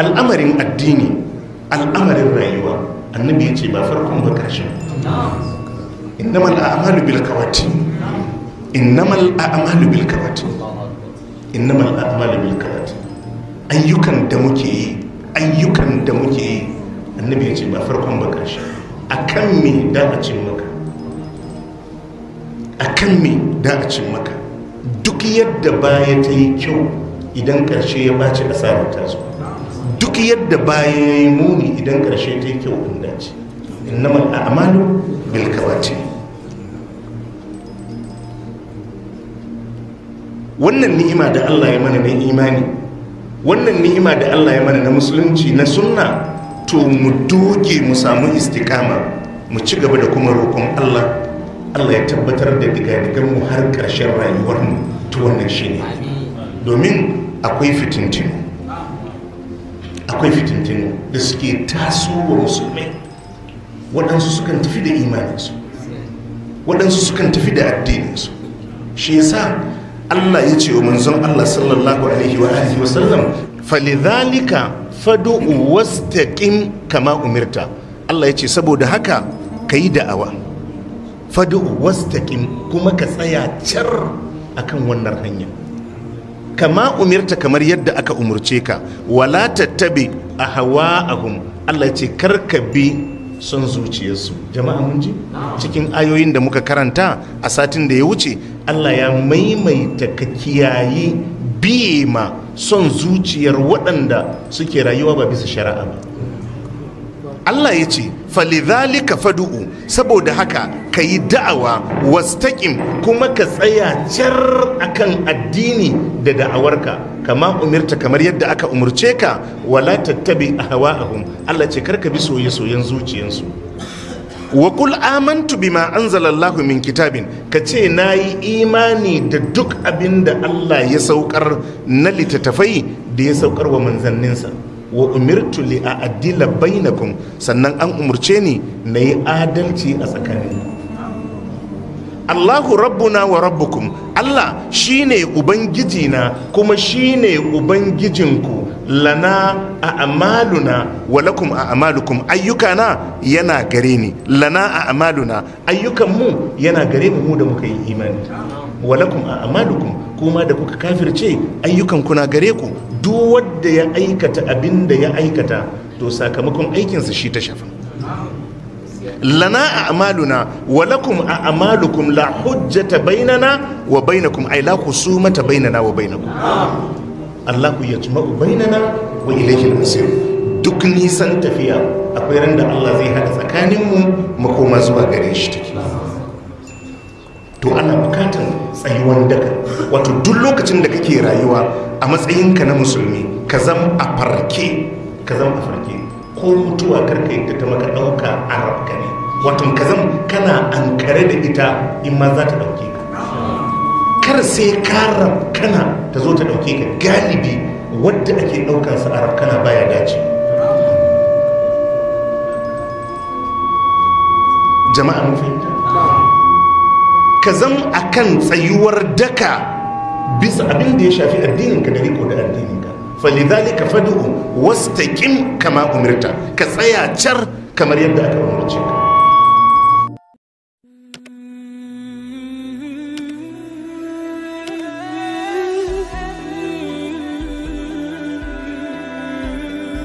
al'amarin addini al'amarin rayuwa annabi ya ce ba farkon ba ƙarshen innamal a'malu bil kawati innamal a'malu bil kawati innamal a'malu bil kawati ayyukan da muke yi ayyukan da muke yi annabi ya ce ba farkon ba ƙarshen akan me da a cin maka akan me da a cin maka duk yadda baya ta yi kyau idan ƙarshe ya ɓaci asarar ta zuwa duk yadda bayan yi muni idan karshe ta yi kyau in dace man a'malu bil kawati wannan ni'ima da Allah ya mana na imani wannan ni'ima da Allah ya mana na musulunci na sunna to mu doge mu samu istikama mu ci gaba da kuma roƙon Allah Allah ya tabbatar da diga-digan mu har ƙarshen rayuwar mu to wannan shine domin akwai fitintinu akwai fitintinu da suke tasowa musulmai waɗansu sukan tafi da imaninsu waɗansu sukan tafi da addininsu shi yasa Allah ya ce wa manzon Allah sallallahu alaihi wa alihi wa sallam falidhalika fad'u wastaqim kama umirta Allah ya ce saboda haka kayi da'awa fad'u wastaqim kuma ka tsaya car akan wannan hanya kama umirta kamar yadda aka umurce ka wala tattabi a hawa hawa'ahum Allah ce ce karkabi bi son zuciyarsu jama'a mun ji cikin ayoyin da muka karanta a satin da ya wuce Allah ya maimaita ka kiyayi biye ma son zuciyar waɗanda suke rayuwa ba bisa shari'a ba Allah ya ce falidhalika fadu'u saboda haka ka yi da'awa wastaqim kuma ka tsaya jar akan addini da da'awarka kama umirta kamar yadda aka umurce ka wala tattabi ahwa'ahum Allah ce karka bi soye soyen zuciyansu wa qul amantu bima anzalallahu min kitabin ka ce nayi imani da duk abin da Allah ya saukar na littattafai da ya saukar wa manzanninsa wa umirtu li a'dila bainakum sannan an umurce ni na yi adalci a tsakanin Allahu rabbuna wa rabbukum Allah shine ubangijina kuma shine ubangijinku lana a amaluna walakum a amalukum na yana gare ni lana a amaluna mu yana gare mu mu da muka yi imani walakum a amalukum kuma da kuka kafirce ayyukan kuna gare ku duk wanda ya aikata abin da ya aikata to sakamakon aikinsa shi ta shafa lana a amaluna walakum a amalukum la hujjata bainana wa bainakum ay la kusumata bainana wa bainakum Allah Allahu yajma'u bainana wa ilayhi al-masir duk nisan tafiya akwai ran da Allah zai hada tsakaninmu mu koma zuwa gare shi take to ana bukatar tsayuwan daka wato duk lokacin da kake rayuwa a matsayinka na musulmi ka zam a farke ka zam a farke ko mutuwa karka yadda ta maka ɗauka a rafka ne wato ka zam kana ankare da ita in ma za ta ɗauke kar sai ka kana ta zo ta ɗauke ka galibi wadda ake ɗaukansa a rabkana baya dace jama'a mun fahimta ka a akan tsayuwar daka bisa abin da ya shafi addininka da riko da addininka ka fad'u wastaqim kama umarta ka tsaya car kamar yadda aka umarci ka